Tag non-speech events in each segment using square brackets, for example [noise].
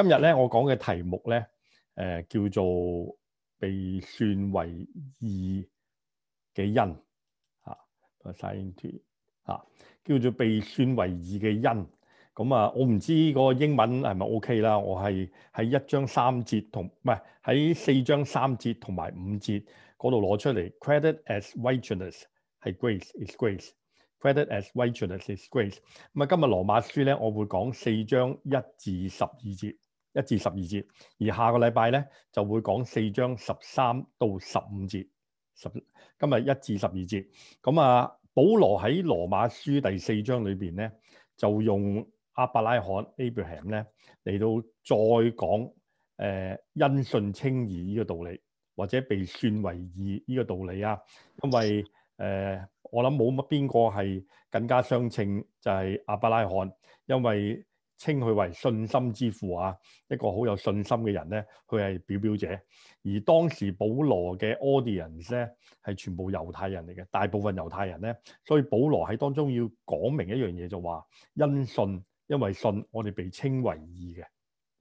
今日咧，我講嘅題目咧，誒、呃、叫做被算為義嘅恩」，嚇、啊。science、啊、嚇叫做被算為義嘅恩」。咁啊，我唔知個英文係咪 O.K. 啦。我係喺一章三節同唔係喺四章三節同埋五節嗰度攞出嚟。credited as righteousness 係 grace is grace credited as righteousness is grace。咁啊，今日羅馬書咧，我會講四章一至十二節。一至十二節，而下個禮拜咧就會講四章十三到十五節。十今日一至十二節，咁啊，保羅喺羅馬書第四章裏邊咧就用阿伯拉罕 （Abraham） 咧嚟到再講誒因、呃、信稱義呢個道理，或者被算為義呢個道理啊。因為誒、呃、我諗冇乜邊個係更加相稱，就係阿伯拉罕，因為。稱佢為信心之父啊！一個好有信心嘅人咧，佢係表表者。而當時保羅嘅 audience 咧係全部猶太人嚟嘅，大部分猶太人咧，所以保羅喺當中要講明一樣嘢，就話因信，因為信，我哋被稱為義嘅，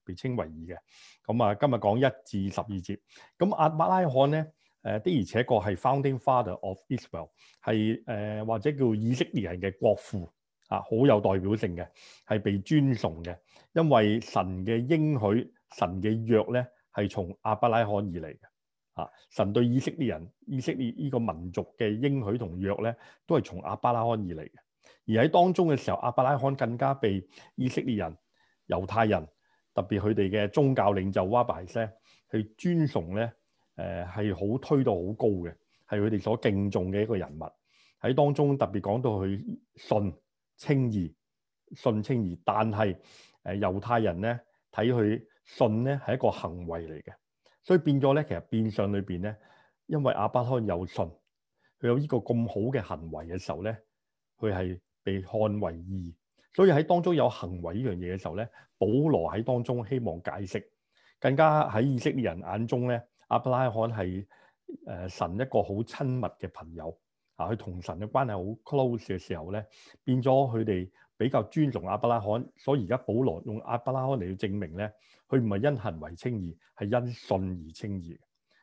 被稱為義嘅。咁啊，今日講一至十二節。咁亞伯拉罕咧，誒的而且確係 founding father of Israel，係、呃、或者叫以色列人嘅國父。啊，好有代表性嘅，係被尊崇嘅，因為神嘅應許、神嘅約咧，係從亞伯拉罕而嚟嘅。啊，神對以色列人、以色列呢個民族嘅應許同約咧，都係從亞伯拉罕而嚟嘅。而喺當中嘅時候，亞伯拉罕更加被以色列人、猶太人，特別佢哋嘅宗教領袖瓦拜斯，去尊崇咧，誒係好推到好高嘅，係佢哋所敬重嘅一個人物。喺當中特別講到佢信。稱義，信稱義，但係誒猶太人咧睇佢信咧係一個行為嚟嘅，所以變咗咧其實變相裏邊咧，因為阿伯拉罕有信，佢有呢個咁好嘅行為嘅時候咧，佢係被看為義。所以喺當中有行為呢樣嘢嘅時候咧，保羅喺當中希望解釋，更加喺以色列人眼中咧，阿伯拉罕係誒神一個好親密嘅朋友。啊，佢同神嘅關係好 close 嘅時候咧，變咗佢哋比較尊重亞伯拉罕，所以而家保羅用亞伯拉罕嚟去證明咧，佢唔係因行為稱義，係因信而稱義嘅。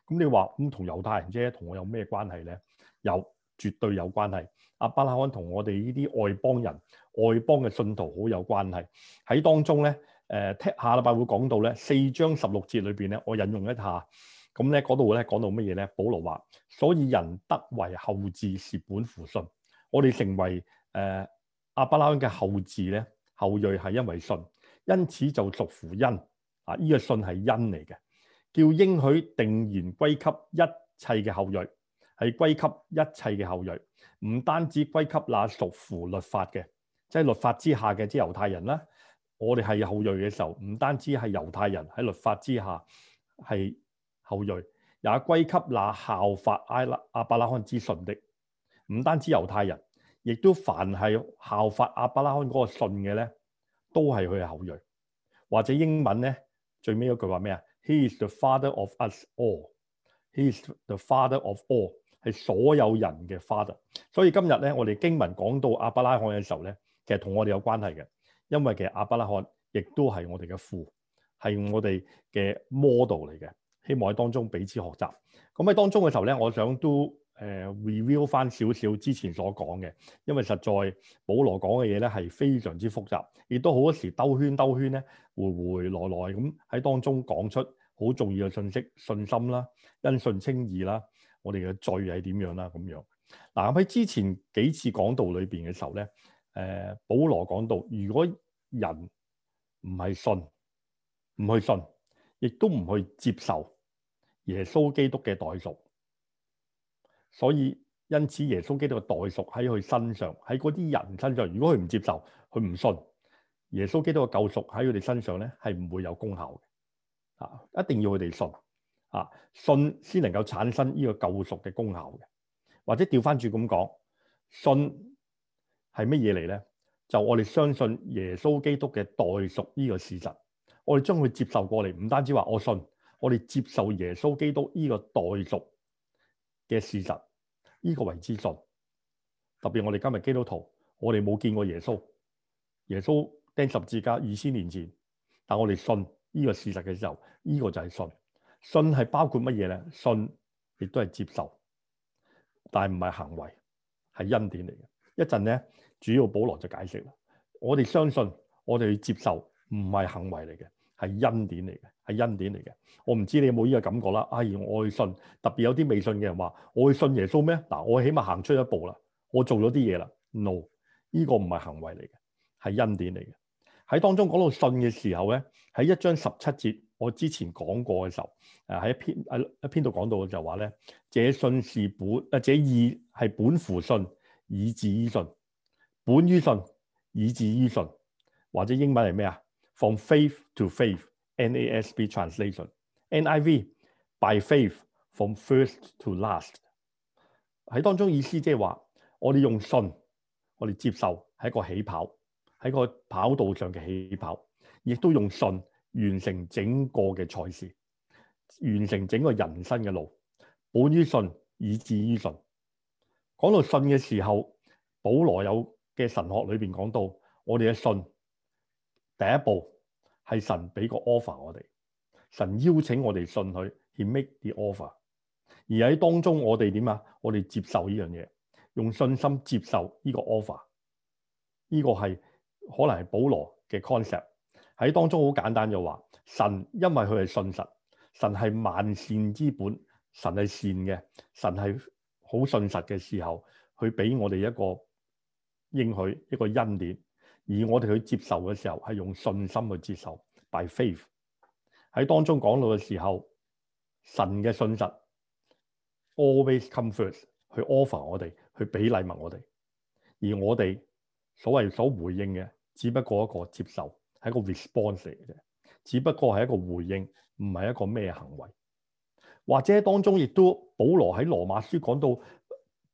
咁你話咁同猶太人啫，同我有咩關係咧？有，絕對有關係。亞伯拉罕同我哋呢啲外邦人、外邦嘅信徒好有關係。喺當中咧，誒、呃，聽下禮拜會講到咧，四章十六節裏邊咧，我引用一下。咁咧嗰度會咧講到乜嘢咧？保羅話，所以人得為後嗣是本乎信。我哋成為誒、呃、阿不拉罕嘅後嗣咧，後裔係因為信，因此就屬乎恩。啊！依、這個信係恩嚟嘅，叫應許定然歸給一切嘅後裔，係歸給一切嘅後裔，唔單止歸給那屬乎律法嘅，即、就、係、是、律法之下嘅，即係猶太人啦。我哋係後裔嘅時候，唔單止係猶太人喺律法之下係。是後裔也歸給那效法埃拉阿伯拉罕之信的，唔單止猶太人，亦都凡係效法阿伯拉罕嗰個信嘅咧，都係佢嘅後裔。或者英文咧最尾一句話咩啊？He is the father of us all. He is the father of all 係所有人嘅 father。所以今日咧，我哋經文講到阿伯拉罕嘅時候咧，其實同我哋有關係嘅，因為其實阿伯拉罕亦都係我哋嘅父，係我哋嘅 model 嚟嘅。希望喺當中彼此學習。咁喺當中嘅時候咧，我想都誒 review 翻少少之前所講嘅，因為實在保羅講嘅嘢咧係非常之複雜，亦都好多時兜圈兜圈咧，回回來來咁喺當中講出好重要嘅信息、信心啦、因信稱義啦、我哋嘅罪係點樣啦咁樣。嗱喺之前幾次講道裏邊嘅時候咧，誒、呃、保羅講到，如果人唔係信，唔去信，亦都唔去接受。耶穌基督嘅代贖，所以因此耶穌基督嘅代贖喺佢身上，喺嗰啲人身上，如果佢唔接受，佢唔信耶穌基督嘅救贖喺佢哋身上咧，係唔會有功效嘅。啊，一定要佢哋信啊，信先能夠產生呢個救贖嘅功效嘅。或者調翻轉咁講，信係乜嘢嚟咧？就我哋相信耶穌基督嘅代贖呢個事實，我哋將佢接受過嚟，唔單止話我信。我哋接受耶穌基督呢個代贖嘅事實，呢個為之信。特別我哋今日基督徒，我哋冇見過耶穌，耶穌釘十字架二千年前，但我哋信呢個事實嘅時候，呢個就係信。信係包括乜嘢咧？信亦都係接受，但係唔係行為，係恩典嚟嘅。一陣咧，主要保羅就解釋啦。我哋相信，我哋要接受，唔係行為嚟嘅。係恩典嚟嘅，係恩典嚟嘅。我唔知你有冇呢個感覺啦。係、哎、愛信，特別有啲未信嘅人話：我會信耶穌咩？嗱，我起碼行出一步啦，我做咗啲嘢啦。No，呢個唔係行為嚟嘅，係恩典嚟嘅。喺當中講到信嘅時候咧，喺一章十七節，我之前講過嘅時候，誒喺一篇誒一篇度講到嘅就話咧，這信是本誒這義係本乎信，以至於信，本於信，以至於信，或者英文係咩啊？From faith to faith, NASB translation, NIV, by faith from first to last. 喺當中意思即係話，我哋用信，我哋接受係一個起跑，喺個跑道上嘅起跑，亦都用信完成整個嘅賽事，完成整個人生嘅路。本於信，以致於信。講到信嘅時候，保羅有嘅神學裏邊講到，我哋嘅信。第一步係神俾個 offer 我哋，神邀請我哋信佢去 make the offer。而喺當中我哋點啊？我哋接受呢樣嘢，用信心接受呢個 offer。呢個係可能係保羅嘅 concept。喺當中好簡單就話，神因為佢係信實，神係萬善之本，神係善嘅，神係好信實嘅時候，佢俾我哋一個應許，一個恩典。而我哋去接受嘅時候，係用信心去接受，by faith。喺當中講到嘅時候，神嘅信實 always come first，去 offer 我哋，去俾禮物我哋。而我哋所謂所回應嘅，只不過一個接受，係一個 response 嚟嘅，只不過係一個回應，唔係一個咩行為。或者當中亦都保羅喺羅馬書講到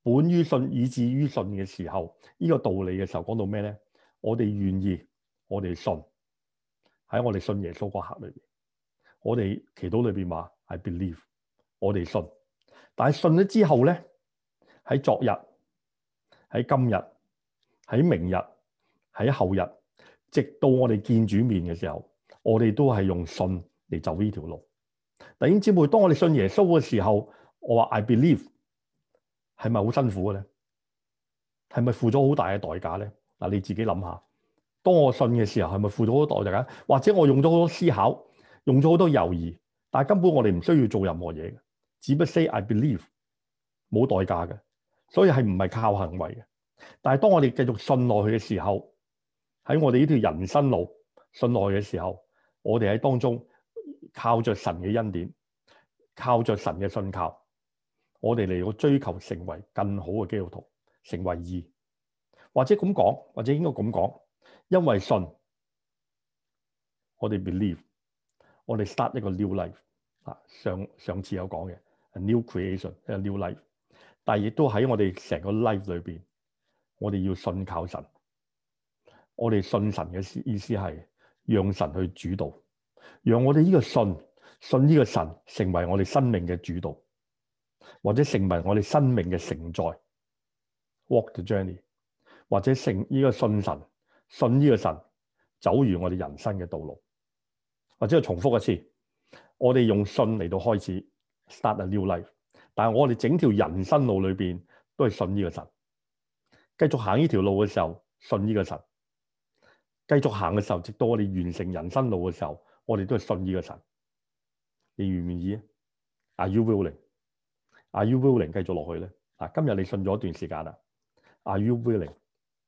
本於信以至於信嘅時候，呢個道理嘅時候講到咩咧？我哋願意，我哋信，喺我哋信耶穌嗰刻裏邊，我哋祈禱裏邊話 I believe，我哋信，但係信咗之後咧，喺昨日、喺今日、喺明日、喺後日，直到我哋見主面嘅時候，我哋都係用信嚟走呢條路。弟兄姐妹，當我哋信耶穌嘅時候，我話 I believe 係咪好辛苦嘅咧？係咪付咗好大嘅代價咧？嗱，你自己諗下，當我信嘅時候，係咪付咗好多代價？或者我用咗好多思考，用咗好多猶豫，但係根本我哋唔需要做任何嘢，只不過 say I believe，冇代價嘅，所以係唔係靠行為嘅？但係當我哋繼續信落去嘅時候，喺我哋呢條人生路信落去嘅時候，我哋喺當中靠着神嘅恩典，靠着神嘅信靠，我哋嚟到追求成為更好嘅基督徒，成為義。或者咁講，或者應該咁講，因為信，我哋 believe，我哋 start 一個 new life。啊，上上次有講嘅 new creation，new life。但係亦都喺我哋成個 life 裏邊，我哋要信靠神。我哋信神嘅意思係，讓神去主導，讓我哋呢個信，信呢個神成為我哋生命嘅主導，或者成為我哋生命嘅承載。Walk the journey。或者信呢個信神，信呢個神走完我哋人生嘅道路。或者係重複一次，我哋用信嚟到，開始 start a new life。但係我哋整條人生路裏邊都係信呢個神，繼續行呢條路嘅時候信呢個神，繼續行嘅時候直到我哋完成人生路嘅時候，我哋都係信呢個神。你願意唔願意？Are you willing？Are you willing？繼續落去咧？嗱，今日你信咗一段時間啦。Are you willing？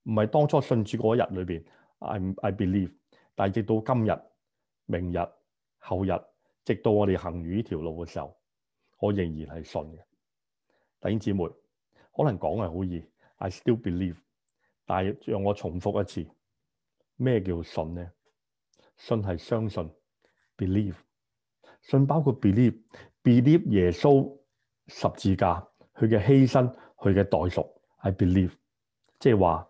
唔係當初信主嗰日裏邊 I, I believe，但係直到今日、明日、後日，直到我哋行住呢條路嘅時候，我仍然係信嘅。弟兄姊妹，可能講係好易，I still believe，但係讓我重複一次咩叫信呢？信係相信，believe，信包括 believe，believe 耶穌十字架佢嘅犧牲，佢嘅代贖，I believe，即係話。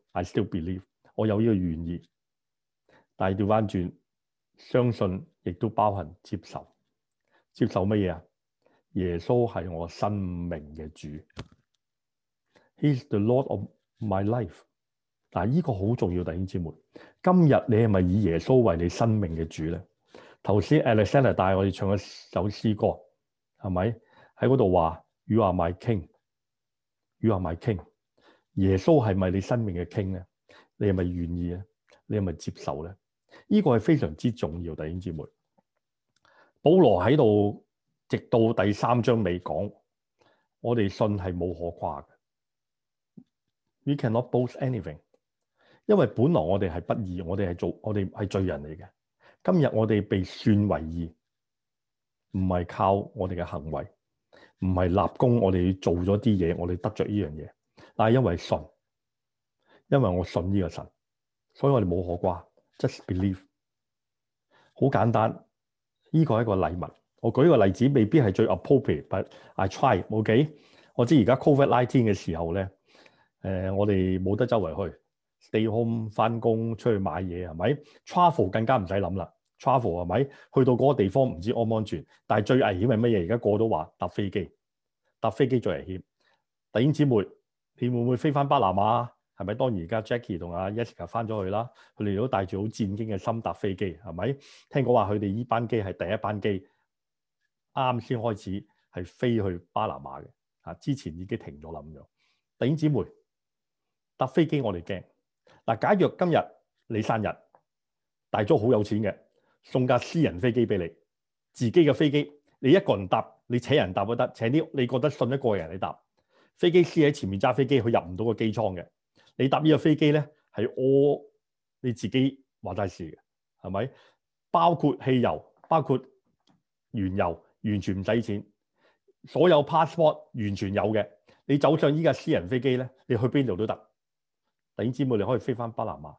I still believe 我有呢個願意，但係調翻轉，相信亦都包含接受，接受乜嘢啊？耶穌係我生命嘅主，He’s the Lord of my life。嗱呢個好重要，弟兄姊妹，今日你係咪以耶穌為你生命嘅主咧？頭先 Alexander 帶我哋唱一首詩歌，係咪喺嗰度話？You are my king，You are my king。耶穌係咪你生命嘅傾咧？你係咪願意咧？你係咪接受咧？呢個係非常之重要，弟兄姊妹。保羅喺度直到第三章尾講，我哋信係冇可誇嘅。We cannot boast anything，因為本來我哋係不義，我哋係做我哋係罪人嚟嘅。今日我哋被算為義，唔係靠我哋嘅行為，唔係立功我哋，我哋做咗啲嘢，我哋得着呢樣嘢。但係因為信，因為我信呢個神，所以我哋冇可掛 [noise] ，just believe。好簡單，呢個係一個禮物。我舉個例子，未必係最 appropriate，but I try。OK，我知而家 COVID nineteen 嘅時候咧，誒、呃、我哋冇得周圍去，stay home 返工，出去買嘢係咪？travel 更加唔使諗啦，travel 係咪？去到嗰個地方唔知安唔安全，但係最危險係乜嘢？而家個個都話搭飛機，搭飛機最危險。弟兄姊妹。你會唔會飛翻巴拿馬？係咪？當然而家 Jackie 同阿 Jessica 翻咗去啦，佢哋都帶住好戰兢嘅心搭飛機，係咪？聽講話佢哋呢班機係第一班機，啱先開始係飛去巴拿馬嘅。嚇，之前已經停咗啦咁樣。弟兄姊妹，搭飛機，我哋驚嗱，假若今日你生日，大足好有錢嘅，送架私人飛機俾你，自己嘅飛機，你一個人搭，你請人搭都得，請啲你覺得信得過嘅人嚟搭。飛機師喺前面揸飛機，佢入唔到個機艙嘅。你搭呢個飛機咧，係我你自己話晒事嘅，係咪？包括汽油，包括原油，完全唔使錢。所有 passport 完全有嘅。你走上依架私人飛機咧，你去邊度都得。等姊妹你可以飛翻巴拿馬，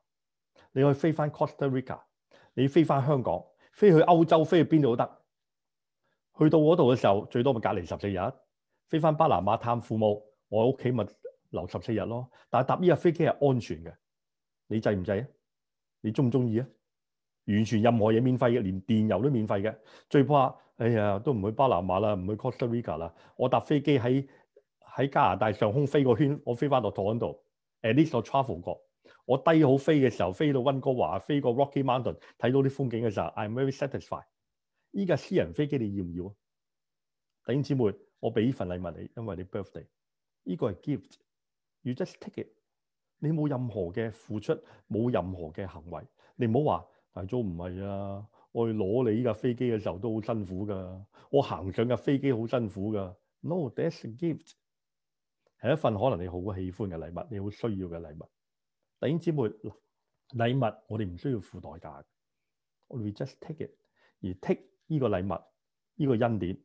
你可以飛翻 Costa Rica，你飛翻香港，飛去歐洲，飛去邊度都得。去到嗰度嘅時候，最多咪隔離十四日。飛翻巴拿馬探父母，我喺屋企咪留十四日咯。但係搭呢架飛機係安全嘅，你制唔制啊？你中唔中意啊？完全任何嘢免費嘅，連電油都免費嘅。最怕哎呀，都唔去巴拿馬啦，唔去 Costa Rica 啦。我搭飛機喺喺加拿大上空飛個圈，我飛翻落台灣度。At least 我 travel 過，我低好飛嘅時候飛到溫哥華，飛過 Rocky Mountain，睇到啲風景嘅時候，I'm very satisfied。依架私人飛機你要唔要啊？弟兄姊妹。我俾呢份禮物你，因為你 birthday，呢個係 gift。You just take it，你冇任何嘅付出，冇任何嘅行為。你唔好話大早唔係啊，我去攞你呢架飛機嘅時候都好辛苦噶，我行上架飛機好辛苦噶。No，that's a gift，係一份可能你好喜歡嘅禮物，你好需要嘅禮物。弟兄姊妹，禮物我哋唔需要付代價嘅。We just take it，而 take 呢個禮物，呢個恩典。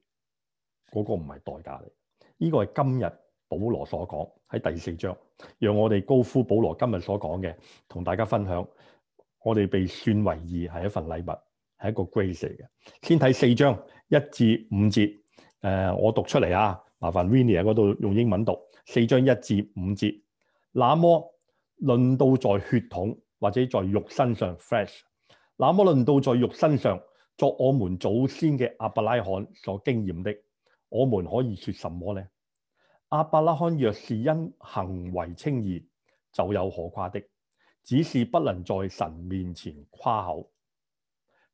嗰、那個唔係代價嚟，呢、這個係今日保羅所講喺第四章，讓我哋高呼保羅今日所講嘅，同大家分享我哋被算為義係一份禮物，係一個 grace 嚟嘅。先睇四、呃、四章一至五節，我讀出嚟啊，麻煩 Vinnie 嗰度用英文讀四章一至五節。那麼論到在血統或者在肉身上，fresh。那麼論到在肉身上，作我們祖先嘅亞伯拉罕所經驗的。我們可以說什麼呢？阿伯拉罕若是因行為稱義，就有可誇的，只是不能在神面前誇口。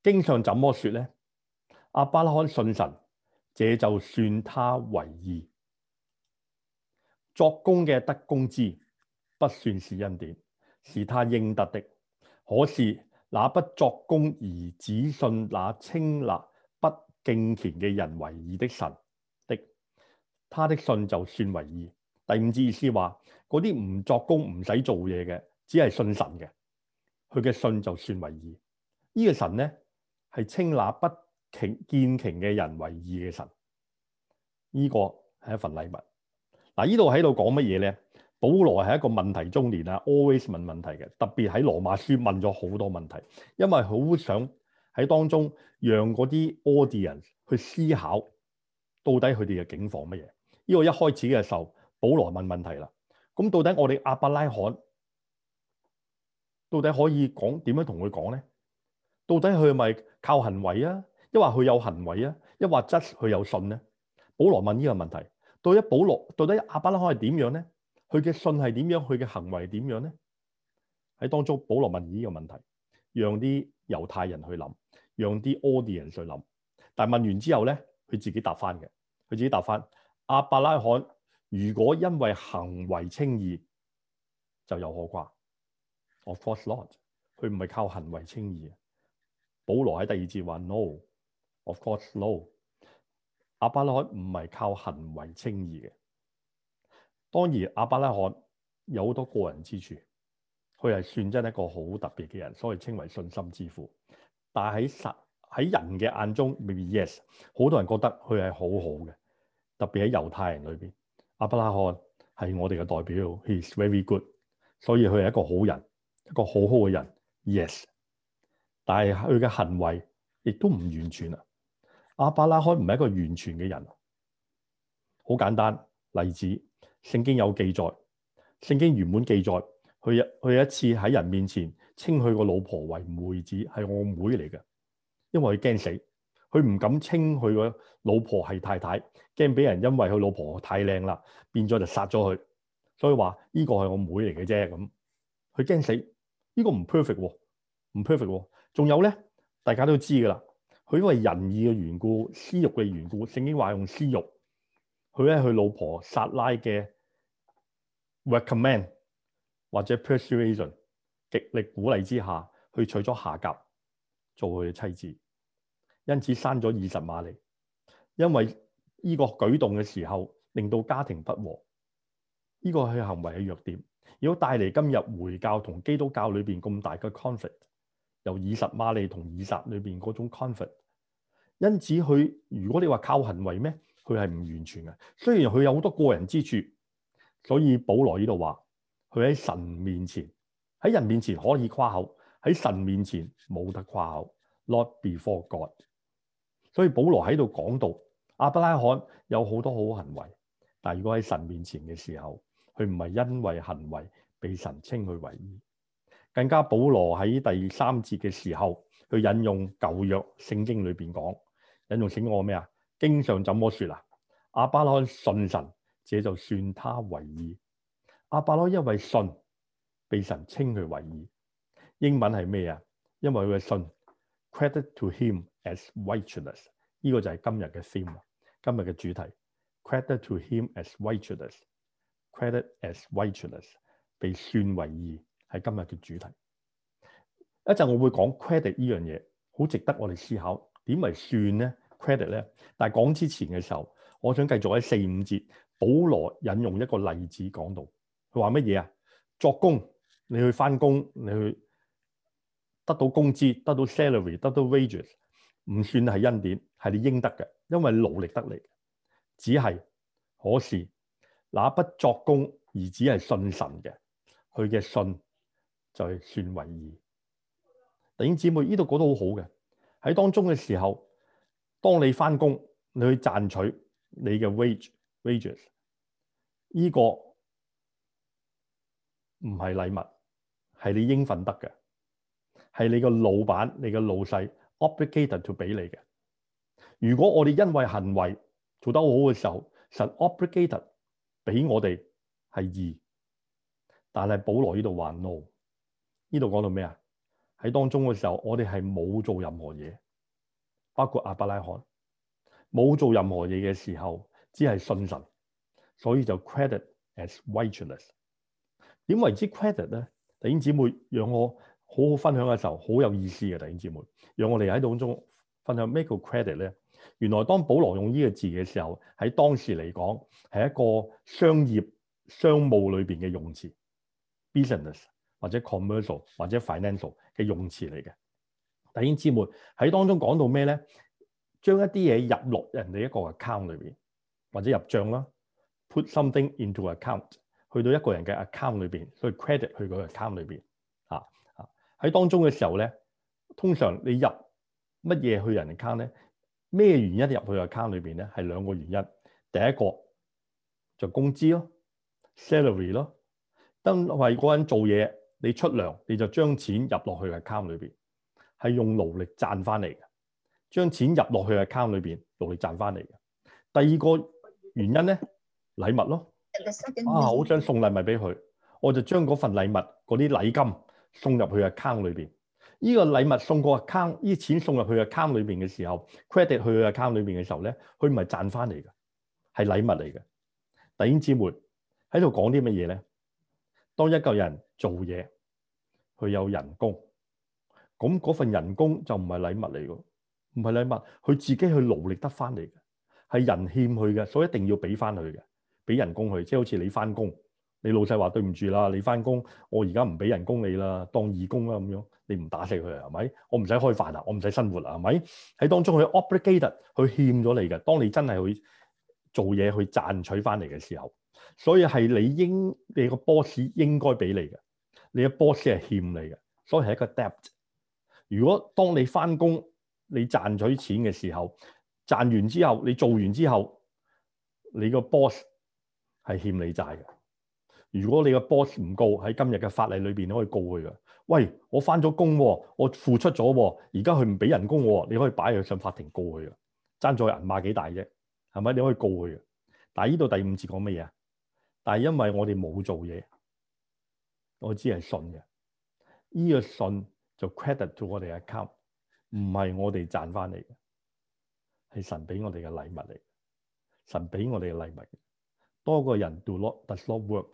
經常怎麼說呢？阿伯拉罕信神，這就算他為義。作工嘅得工資，不算是恩典，是他應得的。可是那不作工而只信那清立不敬虔嘅人為義的神。他的信就算為義。第五節意思話，嗰啲唔作工、唔使做嘢嘅，只係信神嘅，佢嘅信就算為義。呢、這個神咧係稱那不敬虔嘅人為義嘅神。呢、這個係一份禮物。嗱、啊，呢度喺度講乜嘢咧？保羅係一個問題中年啊，always 問問題嘅，特別喺羅馬書問咗好多問題，因為好想喺當中讓嗰啲 audience 去思考，到底佢哋嘅境況乜嘢。呢、這個一開始嘅時候，保羅問問題啦。咁到底我哋亞伯拉罕到底可以講點樣同佢講咧？到底佢咪靠行為啊？抑或佢有行為啊？抑或質佢有信咧？保羅問呢個問題。到底保羅到底亞伯拉罕係點樣咧？佢嘅信係點樣？佢嘅行為係點樣咧？喺當中，保羅問呢個問題，讓啲猶太人去諗，讓啲 audience 去諗。但問完之後咧，佢自己答翻嘅，佢自己答翻。阿伯拉罕如果因為行為稱義就有可誇。Of course not，佢唔係靠行為稱義。保羅喺第二節話 no，Of course no，阿伯拉罕唔係靠行為稱義嘅。當然阿伯拉罕有好多過人之處，佢係算真係一個好特別嘅人，所以稱為信心之父。但喺實喺人嘅眼中，maybe yes，好多人覺得佢係好好嘅。特別喺猶太人裏面，阿伯拉罕係我哋嘅代表，He’s very good，所以佢係一個好人，一個好好嘅人，Yes。但係佢嘅行為亦都唔完全。阿伯拉罕唔係一個完全嘅人，好簡單，例子，聖經有記載，聖經原本記載，佢有一次喺人面前稱佢個老婆為妹子，係我妹嚟嘅，因為佢驚死。佢唔敢稱佢個老婆係太太，驚俾人因為佢老婆太靚啦，變咗就殺咗佢。所以話呢個係我妹嚟嘅啫咁，佢驚死。這個、呢個唔 perfect 喎，唔 perfect 喎。仲有咧，大家都知㗎啦。佢因為仁義嘅緣故、私欲嘅緣故，聖經話用私欲。佢喺佢老婆撒拉嘅 recommend 或者 persuasion 極力鼓勵之下去娶咗夏甲做佢嘅妻子。因此生咗二十馬利，因為呢個舉動嘅時候令到家庭不和，呢、這個係行為嘅弱點，如果帶嚟今日回教同基督教裏邊咁大嘅 conflict，由二十馬利同二十裏邊嗰種 conflict，因此佢如果你話靠行為咩，佢係唔完全嘅。雖然佢有好多過人之處，所以保羅呢度話佢喺神面前喺人面前可以誇口，喺神面前冇得誇口。Not before God。所以保羅喺度講到，亞伯拉罕有好多好行為，但係如果喺神面前嘅時候，佢唔係因為行為被神稱佢為義。更加保羅喺第三節嘅時候，佢引用舊約聖經裏邊講，引用請我咩啊？經常怎麼說啊？亞伯拉罕信神，這就算他為義。亞伯拉因為信被神稱佢為義。英文係咩啊？因為佢嘅信，credit to him。as righteousness，呢個就係今日嘅 theme，今日嘅主題。credited to him as righteousness，credited as righteousness，被算為義係今日嘅主題。一陣我會講 credit 呢樣嘢，好值得我哋思考。點為算咧？credit 咧？但係講之前嘅時候，我想繼續喺四五節，保羅引用一個例子講到，佢話乜嘢啊？作工，你去翻工，你去得到工資，得到 salary，得到 wages。唔算係恩典，係你應得嘅，因為努力得嚟。只係可是，那不作功，而只係信神嘅，佢嘅信就係算為義。弟兄姊妹，呢度覺得好好嘅，喺當中嘅時候，當你翻工，你去賺取你嘅 wage wages，呢個唔係禮物，係你應份得嘅，係你個老闆，你個老細。obligated to 俾你嘅。如果我哋因為行為做得好好嘅時候，實 obligated 俾我哋係二，但係保羅呢度話 no，呢度講到咩啊？喺當中嘅時候，我哋係冇做任何嘢，包括阿伯拉罕冇做任何嘢嘅時候，只係信神，所以就 credited as righteous。點為之 credited 呢？d 咧？弟兄姊妹，讓我。好好分享嘅時候，好有意思嘅，弟兄姊妹。讓我哋喺度中分享咩叫 credit 咧？原來當保羅用呢個字嘅時候，喺當時嚟講係一個商業、商務裏邊嘅用詞 （business 或者 commercial 或者 financial 嘅用詞）嚟嘅。弟兄姊妹喺當中講到咩咧？將一啲嘢入落人哋一個 account 裏邊，或者入帳啦，put something into account，去到一個人嘅 account 裏邊，所以 credit 去嗰個 account 裏邊啊。喺當中嘅時候咧，通常你入乜嘢去人哋卡咧？咩原因入去個卡裏邊咧？係兩個原因。第一個就工資咯，salary 咯，等為嗰人做嘢，你出糧，你就將錢入落去個卡裏邊，係用勞力賺翻嚟嘅。將錢入落去個卡裏邊，勞力賺翻嚟嘅。第二個原因咧，禮物咯，啊，好、啊、想送禮物俾佢，我就將嗰份禮物嗰啲禮金。送入去個 account 裏邊，呢個禮物送過 account，呢錢送入去個 account 裏邊嘅時候，credit 去個 account 裏邊嘅時候咧，佢唔係賺翻嚟嘅，係禮物嚟嘅。弟兄姊妹喺度講啲乜嘢咧？當一個人做嘢，佢有人工，咁嗰份人工就唔係禮物嚟嘅，唔係禮物，佢自己去勞力得翻嚟嘅，係人欠佢嘅，所以一定要俾翻佢嘅，俾人工佢，即係好似你翻工。你老細話對唔住啦，你翻工，我而家唔俾人工你啦，當義工啦咁樣，你唔打死佢係咪？我唔使開飯啦，我唔使生活啦係咪？喺當中佢 obligated，佢欠咗你嘅，當你真係去做嘢去賺取翻嚟嘅時候，所以係你應你個 boss 應該俾你嘅，你嘅 boss 係欠你嘅，所以係一個 debt。如果當你翻工你賺取錢嘅時候，賺完之後你做完之後，你個 boss 係欠你的債嘅。如果你個 boss 唔告喺今日嘅法例裏邊，你可以告佢噶。喂，我翻咗工，我付出咗，而家佢唔俾人工，你可以擺佢上法庭告佢噶。爭咗銀碼幾大啫，係咪你可以告佢噶？但係呢度第五節講咩嘢？但係因為我哋冇做嘢，我只係信嘅。呢、呢個信就 credit to 我哋 account，唔係我哋 c 一級，唔係我哋賺翻嚟嘅，係神俾我哋嘅禮物嚟。神俾我哋嘅禮物，多個人 do not does not work。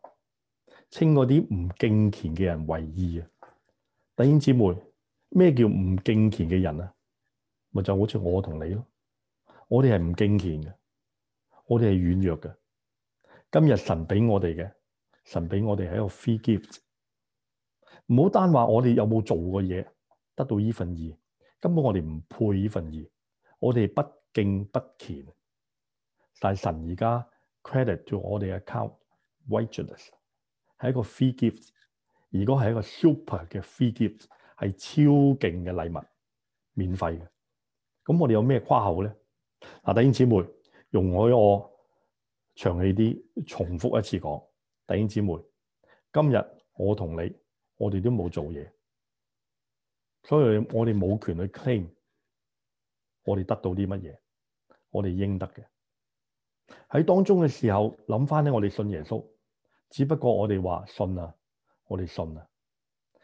稱嗰啲唔敬虔嘅人為義啊！弟兄姊妹，咩叫唔敬虔嘅人啊？咪就好似我同你咯，我哋係唔敬虔嘅，我哋係軟弱嘅。今日神俾我哋嘅，神俾我哋係一個 free gift。唔好單話我哋有冇做過嘢得到呢份義，根本我哋唔配呢份義，我哋不敬不虔。但係神而家 credit to 我哋嘅 account, righteousness 係一個 free gift，如果係一個 super 嘅 free gift，係超勁嘅禮物，免費嘅。咁我哋有咩誇口呢？嗱，弟兄姊妹，容許我長氣啲重複一次講，弟兄姊妹，今日我同你，我哋都冇做嘢，所以我哋冇權去 claim 我哋得到啲乜嘢，我哋應得嘅。喺當中嘅時候，諗翻咧，我哋信耶穌。只不過我哋話信啊，我哋信啊，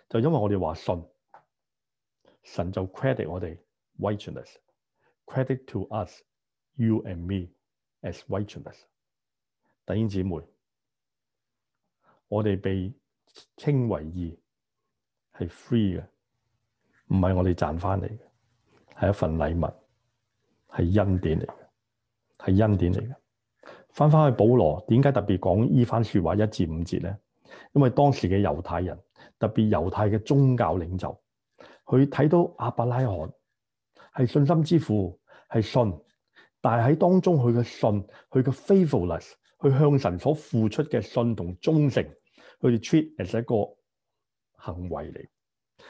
就因為我哋話信，神就 credit 我哋，righteousness，credit to us you and me as righteousness。弟兄姊妹，我哋被稱為義係 free 嘅，唔係我哋賺返嚟嘅，係一份禮物，係恩典嚟嘅，係恩典嚟嘅。翻翻去保羅，點解特別講呢番說話一至五節咧？因為當時嘅猶太人，特別猶太嘅宗教領袖，佢睇到阿伯拉罕係信心之父，係信，但係喺當中佢嘅信，佢嘅 faithfulness，佢向神所付出嘅信同忠誠，佢哋 treat as 一個行為嚟，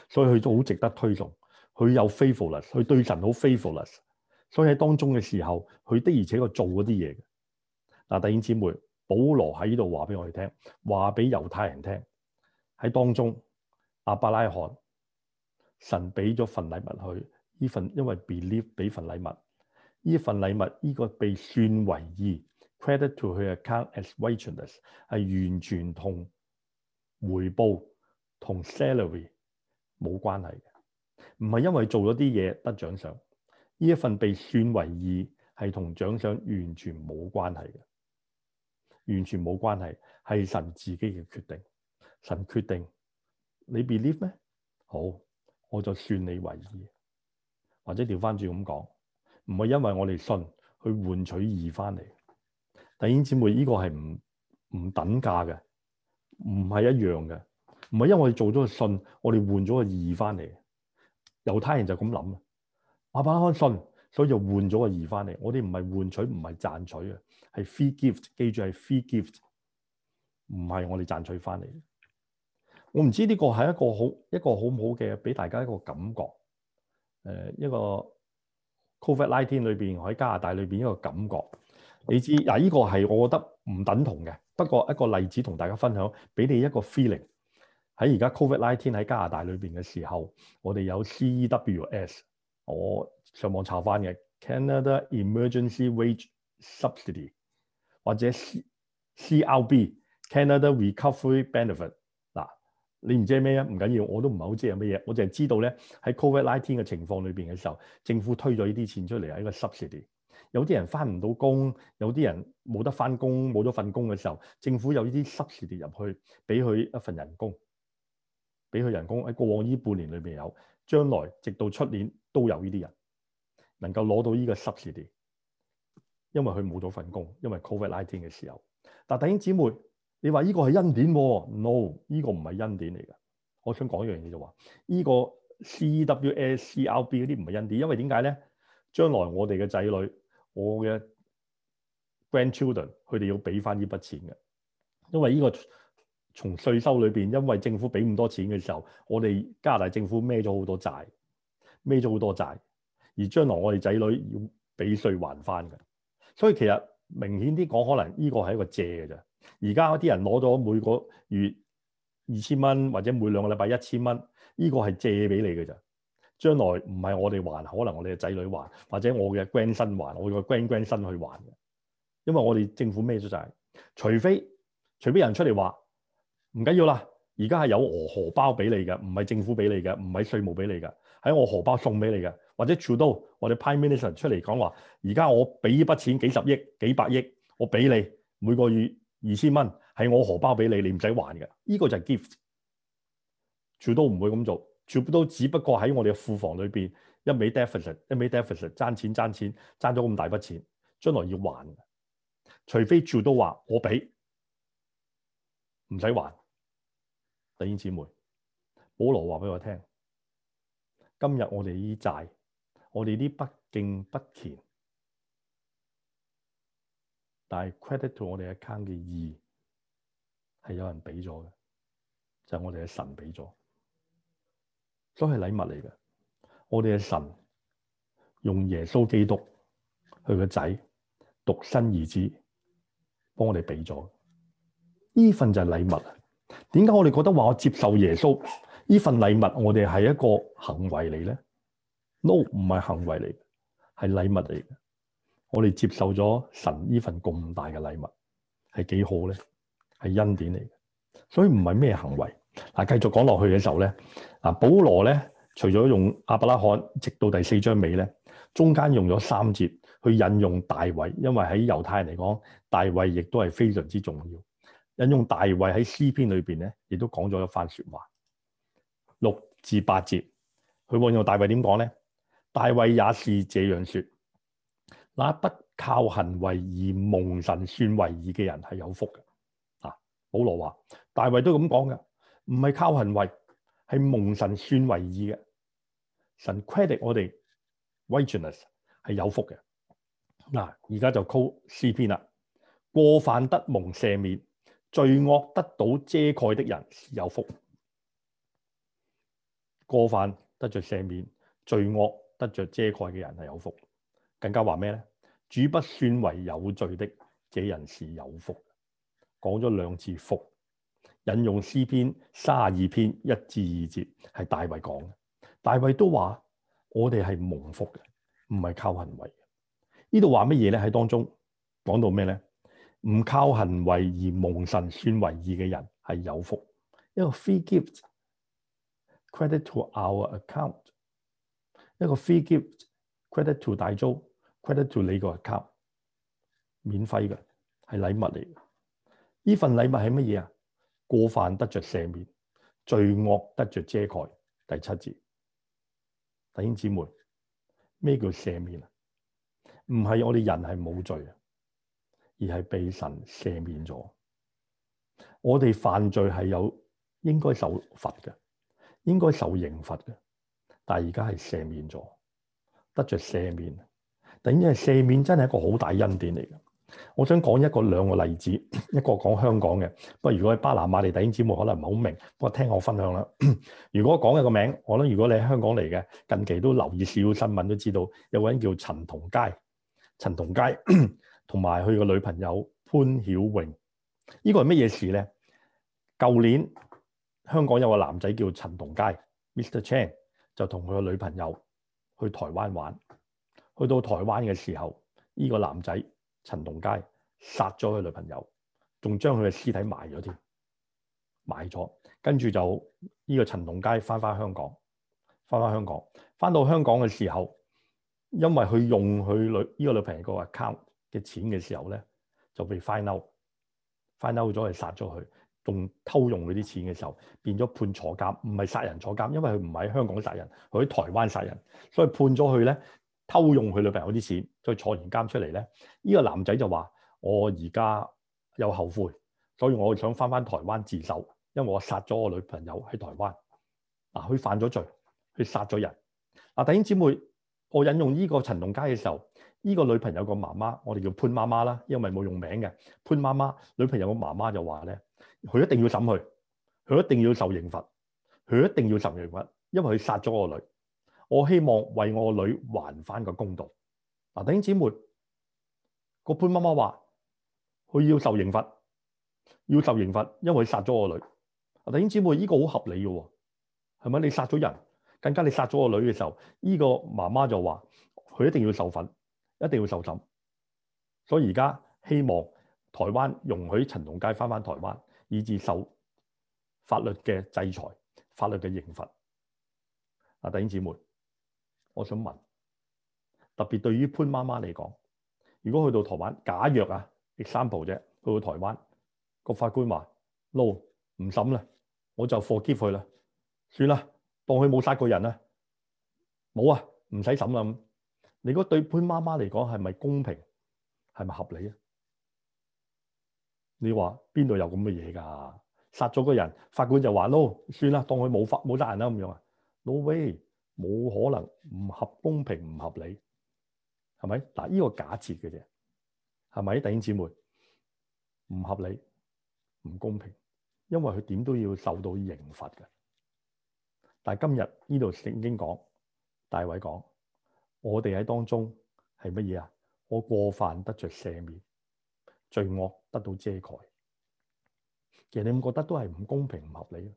所以佢都好值得推崇。佢有 faithfulness，佢對神好 faithfulness，所以喺當中嘅時候，佢的而且確做嗰啲嘢嗱，弟兄姊妹，保羅喺呢度話俾我哋聽，話俾猶太人聽喺當中，亞伯拉罕神俾咗份禮物佢，呢份因為 believe 俾份禮物，依份禮物呢、這個被算為義，credit to 佢嘅 account as righteousness 係完全同回報同 salary 冇關係嘅，唔係因為做咗啲嘢得獎賞。呢一份被算為義係同獎賞完全冇關係嘅。完全冇關係，係神自己嘅決定。神決定你 believe 咩？好，我就算你為義，或者調翻轉咁講，唔係因為我哋信去換取義翻嚟。弟兄姊妹，呢個係唔唔等價嘅，唔係一樣嘅，唔係因為我哋做咗個信，我哋換咗個義翻嚟。猶太人就咁諗，亞伯拉罕信，所以就換咗個義翻嚟。我哋唔係換取，唔係賺取嘅。係 free gift，記住係 free gift，唔係我哋賺取翻嚟。我唔知呢個係一個好一個好唔好嘅，俾大家一個感覺。呃，一個 covid nineteen 喺加拿大裏面一個感覺。你知嗱，呢個係我覺得唔等同嘅。不過一個例子同大家分享，俾你一個 feeling。喺而家 covid nineteen 喺加拿大裏面嘅時候，我哋有 cews，我上網上查翻嘅 Canada Emergency Wage Subsidy。或者 CRB Canada Recovery Benefit 嗱，你唔知咩啊？唔緊要，我都唔係好知係乜嘢。我淨係知道咧，喺 Covid nineteen 嘅情況裏邊嘅時候，政府推咗呢啲錢出嚟係一個 subsidy。有啲人翻唔到工，有啲人冇得翻工，冇咗份工嘅時候，政府有呢啲 subsidy 入去俾佢一份人工，俾佢人工喺過往呢半年裏邊有，將來直到出年都有呢啲人能夠攞到呢個 subsidy。因為佢冇咗份工，因為 Covid nineteen 嘅時候。但係弟兄姊妹，你話呢個係恩典？No，呢個唔係恩典嚟噶。我想講一樣嘢就話，呢個 CWS、CRB 嗰啲唔係恩典，因為點解咧？將來我哋嘅仔女，我嘅 grandchildren，佢哋要俾翻呢筆錢嘅，因為呢個從稅收裏邊，因為政府俾咁多錢嘅時候，我哋加拿大政府孭咗好多債，孭咗好多債，而將來我哋仔女要俾稅還翻嘅。所以其實明顯啲講，可能呢個係一個借嘅啫。而家啲人攞咗每個月二千蚊，或者每兩個禮拜一千蚊，呢個係借俾你嘅咋。將來唔係我哋還，可能我哋嘅仔女還，或者我嘅 grandson 還，我嘅 grandgrandson 去還嘅。因為我哋政府孭都晒，除非除非人出嚟話唔緊要啦，而家係有我荷包俾你嘅，唔係政府俾你嘅，唔係稅務俾你嘅，係我荷包送俾你嘅。或者 Trudeau，Prime Minister 我哋派 mission 出嚟講話，而家我俾呢筆錢幾十億、幾百億，我俾你每個月二千蚊，係我荷包俾你，你唔使還嘅。呢、這個就係 gift。Trudeau 唔會咁做 Trudeau 只不過喺我哋嘅庫房裏邊一味 deficit、一味 deficit 爭錢爭錢爭咗咁大筆錢，將來要還。除非 Trudeau 話我俾，唔使還。弟兄姊妹，保羅話俾我聽，今日我哋依債。我哋啲不敬不虔，但係 credit 到我哋 account 嘅義，係有人畀咗嘅，就是、我哋嘅神畀咗，所以是禮物來的。我哋嘅神用耶穌基督佢個仔獨生兒子幫我哋畀咗，呢份就係禮物。點解我哋覺得話我接受耶穌呢份禮物，我哋係一個行為嚟咧？no 唔係行為嚟嘅，係禮物嚟嘅。我哋接受咗神呢份咁大嘅禮物，係幾好咧？係恩典嚟嘅。所以唔係咩行為。嗱，繼續講落去嘅時候咧，嗱保羅咧，除咗用阿伯拉罕，直到第四章尾咧，中間用咗三節去引用大衛，因為喺猶太人嚟講，大衛亦都係非常之重要。引用大衛喺詩篇裏邊咧，亦都講咗一番說話，六至八節，佢用大衛點講咧？大衛也是這樣說，那不靠行為而蒙神算為義嘅人係有福嘅。啊，保羅話，大衛都咁講嘅，唔係靠行為，係蒙神算為義嘅。神 credit 我哋 righteousness 係有福嘅。嗱，而家就 call 詩篇啦，過犯得蒙赦免，罪惡得到遮蓋的人是有福。過犯得罪赦免，罪惡。得着遮蓋嘅人係有福。更加話咩咧？主不算為有罪的，這人是有福的。講咗兩次福，引用詩篇三十二篇一至二節，係大衛講。大衛都話：我哋係蒙福嘅，唔係靠行為。呢度話乜嘢咧？喺當中講到咩咧？唔靠行為而蒙神算為義嘅人係有福，因為 free gift credit to our account。一個 free gift，credit to 大租 credit to 你個卡，免費嘅係禮物嚟。依份禮物係乜嘢啊？過犯得着赦免，罪惡得着遮蓋。第七節，弟兄姊妹，咩叫赦免啊？唔係我哋人係冇罪，而係被神赦免咗。我哋犯罪係有應該受罰嘅，應該受刑罰嘅。但係而家係赦免咗，得著赦免，等於係赦免，真係一個好大恩典嚟嘅。我想講一個兩個例子，一個講香港嘅。不過如，如果喺巴拿馬嚟睇節目，可能唔係好明。不過聽我分享啦。 [coughs] 如果講一個名，我諗如果你喺香港嚟嘅，近期都留意少少新聞都知道，有個人叫陳同佳，陳同佳同埋佢個女朋友潘曉穎。這個、是什麼事呢個係乜嘢事咧？舊年香港有個男仔叫陳同佳，Mr. Chan。就同佢個女朋友去台灣玩，去到台灣嘅時候，呢個男仔陳同佳殺咗佢女朋友，仲將佢嘅屍體埋咗添，埋咗。跟住就呢個陳同佳翻返香港，翻返香港，翻到香港嘅時候，因為佢用佢女呢個女朋友個 account 嘅錢嘅時候咧，就被 find out，find out 咗 out，佢殺咗佢。仲偷用佢啲錢嘅時候，變咗判坐監，唔係殺人坐監，因為佢唔喺香港殺人，佢喺台灣殺人，所以判咗佢咧，偷用佢女朋友啲錢，再坐完監出嚟咧，呢、這個男仔就話：我而家有後悔，所以我想返返台灣自首，因為我殺咗我女朋友喺台灣。嗱、啊，佢犯咗罪，佢殺咗人。嗱、啊，弟兄姊妹，我引用呢個陳同佳嘅時候，呢、這個女朋友個媽媽，我哋叫潘媽媽啦，因為冇用名嘅潘媽媽，女朋友個媽媽就話咧。佢一定要審佢，佢一定要受刑罰，佢一定要受刑罰，因為佢殺咗我女。我希望為我女還翻個公道。嗱，弟兄姐妹，個潘媽媽話佢要受刑罰，要受刑罰，因為佢殺咗我女。啊，弟兄姐妹，呢個好合理嘅，係咪？你殺咗人，更加你殺咗個女嘅時候，呢個媽媽就話佢一定要受罰，一定要受審。所以而家希望台灣容許陳同佳翻翻台灣。以至受法律嘅制裁、法律嘅刑罰。啊，弟兄姊妹，我想問，特別對於潘媽媽嚟講，如果去到台灣，假若啊，例如啫，去到台灣，個法官話：no，唔審啦，我就 forgive 佢啦，算啦，當佢冇殺過人啦，冇啊，唔使審啦。你嗰對潘媽媽嚟講係咪公平？係咪合理啊？你話邊度有咁嘅嘢噶？殺咗個人，法官就話咯，算啦，當佢冇法冇責任啦咁樣啊？No way，冇可能，唔合公平，唔合理，係咪？嗱，呢個假設嘅啫，係咪？弟兄姊妹，唔合理，唔公平，因為佢點都要受到刑罰嘅。但係今日呢度聖經講，大衛講，我哋喺當中係乜嘢啊？我過犯得着赦免。罪惡得到遮蓋，其實你唔覺得都係唔公平唔合理咯。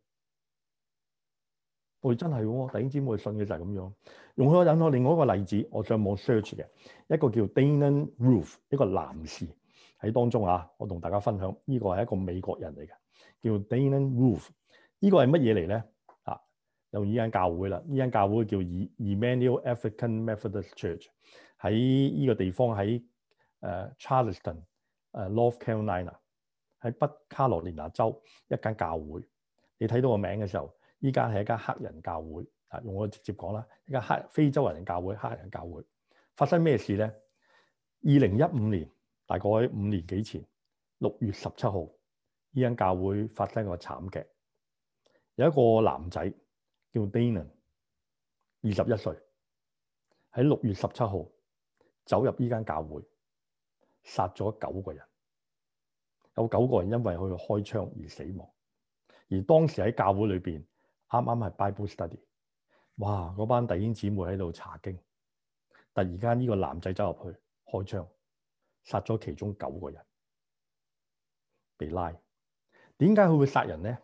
我、哦、真係、哦，弟兄姊妹信嘅就係咁樣。用開引我另外一個例子，我上網 search 嘅一個叫 Dylann Roof，一個男士喺當中啊。我同大家分享呢個係一個美國人嚟嘅，叫 Dylann Roof。個是什麼的呢個係乜嘢嚟咧？啊，有呢間教會啦，呢間教會叫 Emmanuel African Methodist Church，喺呢個地方喺誒、呃、Charleston。誒，North Carolina 喺北卡羅來納州一間教會，你睇到個名嘅時候，依間係一間黑人教會，啊，用我直接講啦，依間黑非洲人教會，黑人教會發生咩事咧？二零一五年，大概喺五年幾前，六月十七號，依間教會發生一個慘劇，有一個男仔叫 Danan，二十一歲，喺六月十七號走入依間教會。殺咗九個人，有九個人因為佢開槍而死亡。而當時喺教會裏邊，啱啱係 Bible study，哇！嗰班弟兄姊妹喺度查經，突然間呢個男仔走入去開槍，殺咗其中九個人，被拉。點解佢會殺人咧？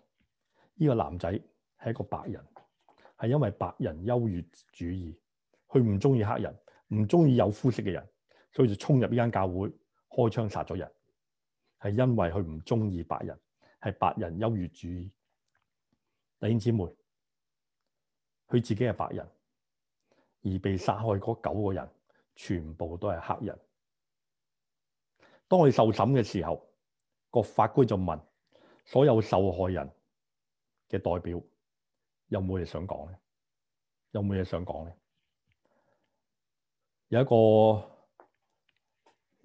呢個男仔係一個白人，係因為白人優越主義，佢唔中意黑人，唔中意有膚色嘅人，所以就衝入呢間教會。開槍殺咗人，係因為佢唔中意白人，係白人優越主義。弟兄姊妹，佢自己係白人，而被殺害嗰九個人全部都係黑人。當佢受審嘅時候，個法官就問所有受害人嘅代表有冇嘢想講咧？有冇嘢想講咧？有一個。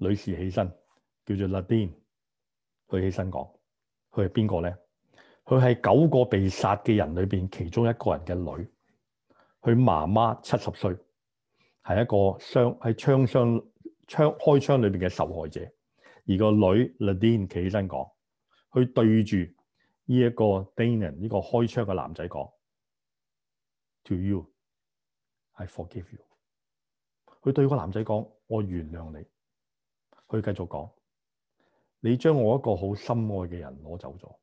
女士起身，叫做 Ladine，佢起身講，佢係邊個咧？佢係九個被殺嘅人裏邊其中一個人嘅女。佢媽媽七十歲，係一個槍喺槍傷槍開槍裏邊嘅受害者。而個女 Ladine 企起身講，佢對住呢一個 Danan 呢個開槍嘅男仔講 To you, I forgive you。佢對個男仔講，我原諒你。佢繼續講：你將我一個好深愛嘅人攞走咗，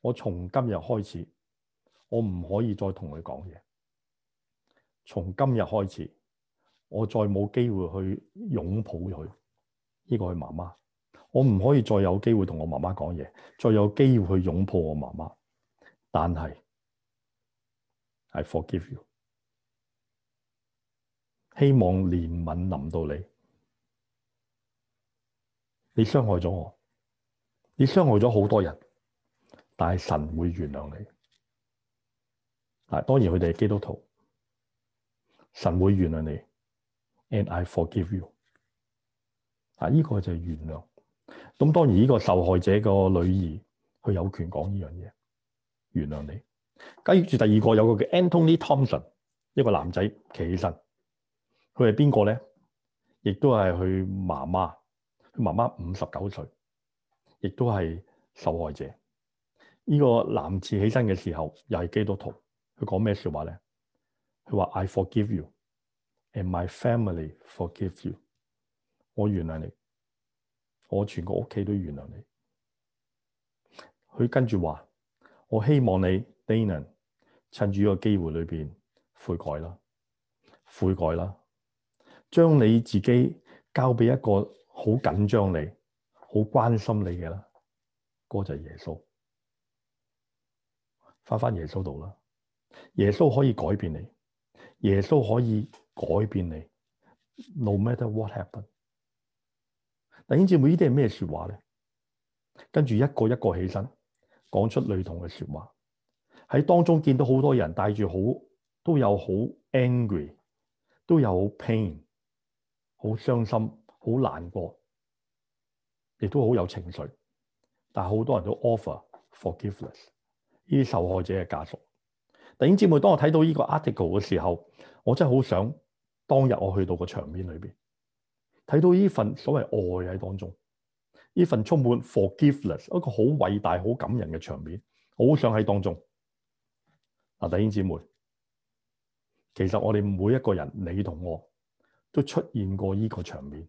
我從今日開始，我唔可以再同佢講嘢。從今日開始，我再冇機會去擁抱佢，呢個係媽媽，我唔可以再有機會同我媽媽講嘢，再有機會去擁抱我媽媽。但係，I forgive you。希望憐憫臨到你，你傷害咗我，你傷害咗好多人，但係神會原諒你啊。當然佢哋係基督徒，神會原諒你，and I forgive you 啊。呢個就係原諒咁。當然呢個受害者個女兒，佢有權講呢樣嘢，原諒你。跟住第二個有個叫 Anthony Thompson，一個男仔企起身。佢係邊個咧？亦都係佢媽媽。佢媽媽五十九歲，亦都係受害者。呢、這個男子起身嘅時候又係基督徒。佢講咩說話咧？佢話：I forgive you and my family forgive you。我原諒你，我全個屋企都原諒你。佢跟住話：我希望你，Daniel，趁住呢個機會裏邊悔改啦，悔改啦。將你自己交給一個好緊張你、好關心你嘅啦，嗰、那個、就係耶穌返返耶穌度啦。耶穌可以改變你，耶穌可以改變你。No matter what happen，但英姐妹這啲係咩說話呢？跟住一個一個起身講出類同嘅說話喺當中，見到好多人帶住好都有好 angry，都有 pain。好傷心、好難過，亦都好有情緒。但係好多人都 offer forgiveness，呢啲受害者嘅家屬。弟兄姐妹，當我睇到呢個 article 嘅時候，我真係好想當日我去到個場面裏邊，睇到呢份所謂愛喺當中，呢份充滿 forgiveness，一個好偉大、好感人嘅場面。我好想喺當中。嗱，弟兄姐妹，其實我哋每一個人，你同我。都出現過呢個場面，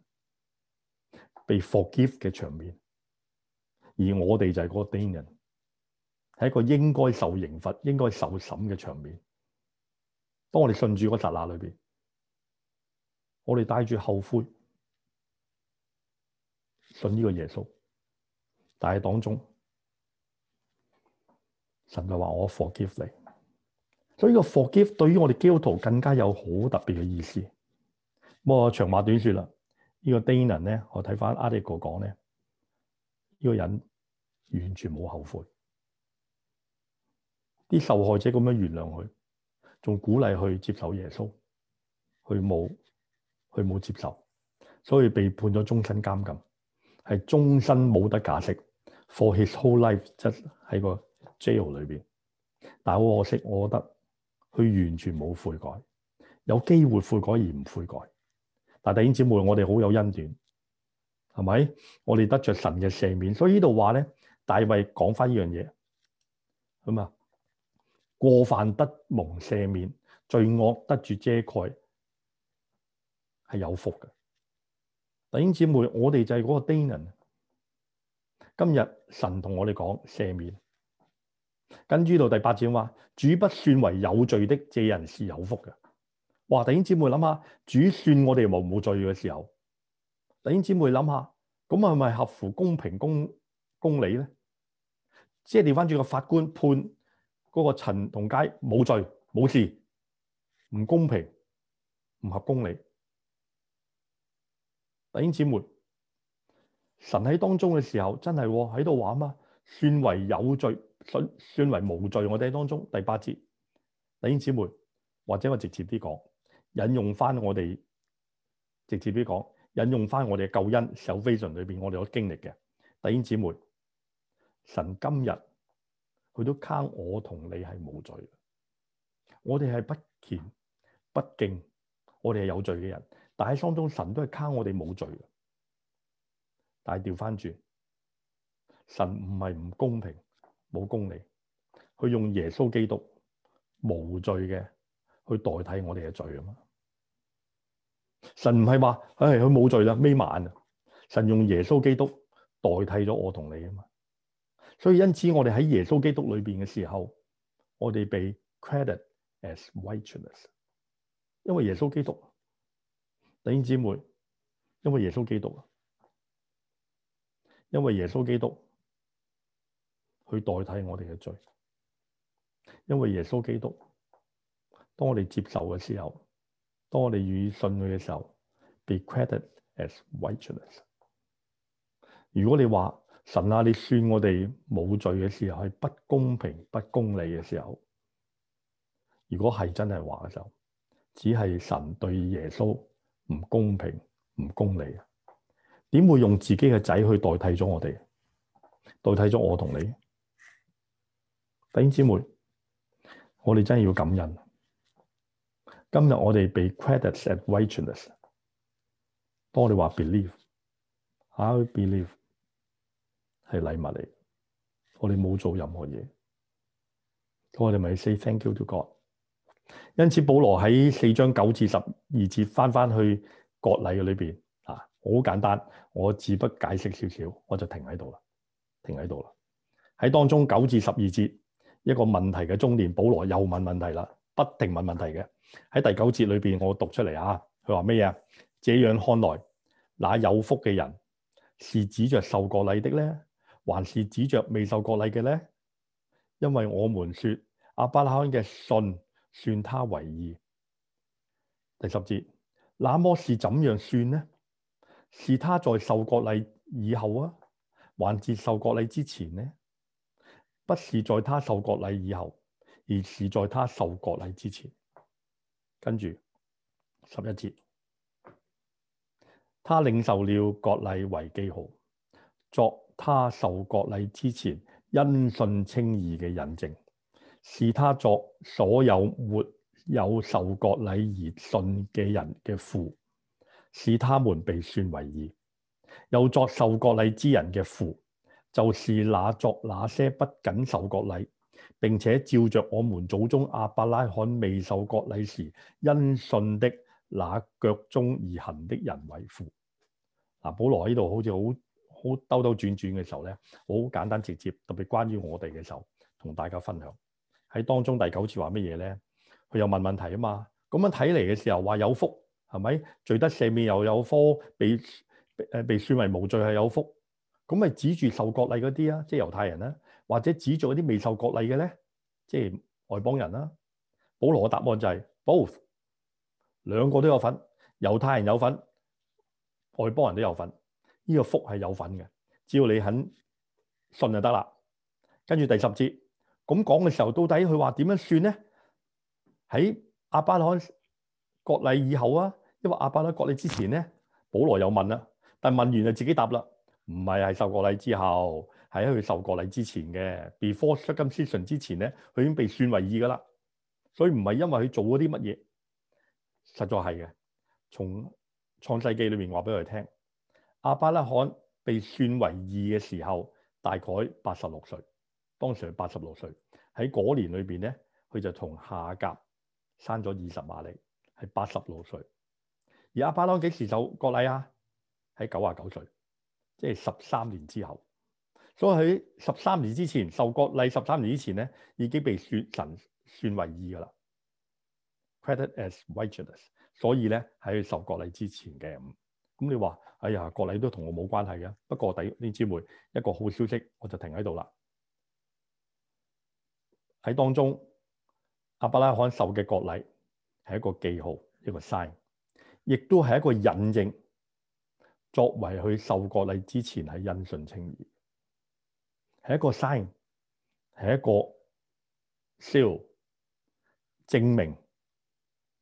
被 forgive 嘅場面，而我哋就係個罪人，係一個應該受刑罰、應該受審嘅場面。當我哋信住那個撒拉裏面，我哋帶住後悔信呢個耶穌，但係當中神就話：我 forgive 你。所以呢個 forgive 對於我哋基督徒更加有好特別嘅意思。冇長話短說啦，這個、呢個 Dane 咧，我睇翻阿 Nick 講咧，呢、這個人完全冇後悔，啲受害者咁樣原諒佢，仲鼓勵佢接受耶穌，佢冇佢冇接受，所以被判咗終身監禁，係終身冇得假釋，for his whole life 即係喺個 jail 裏面。但係好可惜，我覺得佢完全冇悔改，有機會悔改而唔悔改。弟兄姊妹，我哋好有恩典，係咪？我哋得着神嘅赦免，所以呢度話咧，大衛講翻呢樣嘢咁啊，過犯得蒙赦免，罪惡得住遮蓋，係有福嘅。弟兄姊妹，我哋就係嗰個丁人，今日神同我哋講赦免，跟住到第八節話，主不算為有罪的，這人是有福嘅。哇！弟兄姊妹諗下，主算我哋無無罪嘅時候，弟兄姊妹諗下，咁係咪合乎公平公公理咧？即係調翻轉個法官判嗰個陳同佳冇罪冇事，唔公平，唔合公理。弟兄姊妹，神喺當中嘅時候真係喺度玩啊嘛，算為有罪，算算為無罪。我哋喺當中第八節，弟兄姊妹，或者我直接啲講。引用翻我哋，直接啲講，引用翻我哋嘅救恩身份裏邊，我哋有經歷嘅弟兄姊妹，神今日佢都卡我同你係冇罪，我哋係不虔不敬，我哋係有罪嘅人，但喺當中神都係卡我哋冇罪，但係調翻轉，神唔係唔公平冇公理，佢用耶穌基督無罪嘅去代替我哋嘅罪啊嘛～神唔係話，唉、哎，佢冇罪啦，尾晚啊！神用耶穌基督代替咗我同你啊嘛，所以因此我哋喺耶穌基督裏邊嘅時候，我哋被 credited as righteous，因為耶穌基督，弟兄姊妹，因為耶穌基督，因為耶穌基督去代替我哋嘅罪，因為耶穌基督，當我哋接受嘅時候。當我哋與信佢嘅時候，be credited as righteous。如果你話神啊，你算我哋冇罪嘅時候係不公平、不公理嘅時候，如果係真係話嘅時候，只係神對耶穌唔公平、唔公理，點會用自己嘅仔去代替咗我哋，代替咗我同你？弟兄姊妹，我哋真係要感恩。今日我哋被 credited at righteousness。當你話 believe，I believe 係禮 believe，物嚟，我哋冇做任何嘢。咁我哋咪 say thank you to God。因此，保羅喺四章九至十二節返返去割禮嘅裏面，啊，好簡單，我只不解釋少少，我就停喺度啦，停喺度啦。喺當中九至十二節一個問題嘅中年，保羅又問問題啦，不停問問題嘅。喺第九節裏邊，我讀出嚟啊。佢話咩嘢？這樣看來，那有福嘅人是指着受割禮的呢，還是指着未受割禮嘅呢？因為我們說，亞伯拉罕嘅信算他為義。第十節，那麼是怎樣算呢？是他在受割禮以後啊，還是受割禮之前呢？不是在他受割禮以後，而是在他受割禮之前。跟住十一節，他領受了國禮為記號，作他受國禮之前因信稱義嘅印證，是他作所有沒有受國禮而信嘅人嘅父，使他們被算為義，又作受國禮之人嘅父，就是那作那些不僅受國禮。並且照着我們祖宗亞伯拉罕未受割禮時因信的那腳蹤而行的人為父。嗱，保羅喺度好似好好兜兜轉轉嘅時候咧，好簡單直接，特別關於我哋嘅時候同大家分享。喺當中第九次話乜嘢咧？佢又問問題啊嘛。咁樣睇嚟嘅時候，話有福係咪？罪得赦免又有科被誒被算為無罪係有福。咁咪指住受割禮嗰啲啊，即係猶太人啦。或者只做一啲未受國禮嘅咧，即係外邦人啦、啊。保羅嘅答案就係、是、both，兩個都有份，猶太人有份，外邦人都有份。呢、這個福係有份嘅，只要你肯信就得啦。跟住第十節咁講嘅時候，到底佢話點樣算咧？喺亞伯拉罕割禮以後啊，因為亞伯拉罕割禮之前咧，保羅有問啦，但問完就自己答啦，唔係係受割禮之後。喺佢受割禮之前嘅，before circumcision 之前咧，佢已經被算為義㗎喇。所以唔係因為佢做咗啲乜嘢，實在係嘅。從創世記裏面話俾佢哋聽，亞伯拉罕被算為義嘅時候，大概八十六歲。當時係八十六歲喺嗰年裏邊咧，佢就同夏甲生咗以實瑪利，係八十六歲。而亞伯拉罕幾時受割禮啊？喺九十九歲，即係十三年之後。所以喺十三年之前受割禮，十三年之前咧已經被算神算,算為義噶啦 credited as righteous。所以咧喺受割禮之前嘅咁，你話哎呀割禮都同我冇關係嘅，不過底呢姐妹，一個好消息，我就停喺度啦。喺當中，阿伯拉罕受嘅割禮係一個記號，一個 sign，亦都係一個引證，作為佢受割禮之前係因信稱義。係一個 sign，係一個 show，證明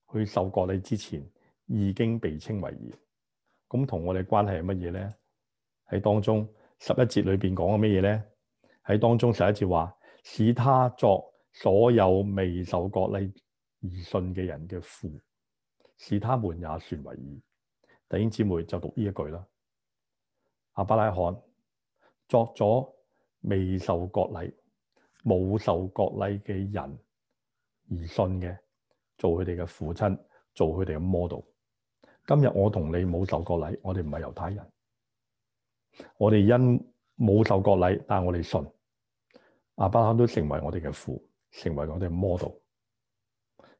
佢受割禮之前已經被稱為義。咁同我哋關係係乜嘢呢？喺當中十一節裏面講緊咩嘢呢？喺當中十一節話：使他作所有未受割禮而信嘅人嘅父，使他們也算為義。弟兄姊妹就讀呢一句啦。阿巴拉罕作咗。未受割禮、冇受割禮嘅人而信嘅，做佢哋嘅父親，做佢哋嘅 model。今日我同你冇受割禮，我哋唔係猶太人，我哋因冇受割禮，但係我哋信，阿巴罕都成為我哋嘅父，成為我哋嘅 model，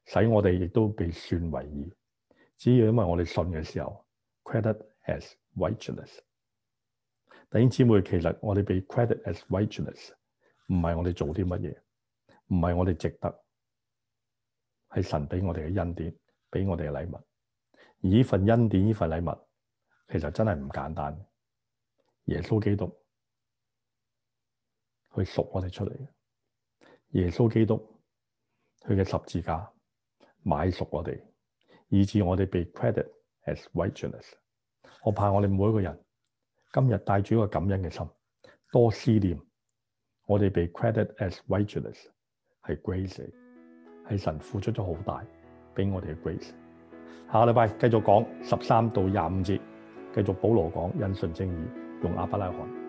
使我哋亦都被算為義。只要因為我哋信嘅時候，credit has righteousness。弟兄姊妹，其實我哋被 credited as righteous，唔係我哋做啲乜嘢，唔係我哋值得，係神俾我哋嘅恩典，俾我哋嘅禮物。而呢份恩典，呢份禮物，其實真係唔簡單。耶穌基督去贖我哋出嚟嘅，耶穌基督佢嘅十字架買贖我哋，以致我哋被 credited as righteous。我怕我哋每一個人。今日帶住一個感恩嘅心，多思念我哋被 credited as righteous，係 grace，係神付出咗好大俾我哋嘅 grace。下個禮拜繼續講十三到廿五節，繼續保羅講因信稱義，用亞伯拉罕。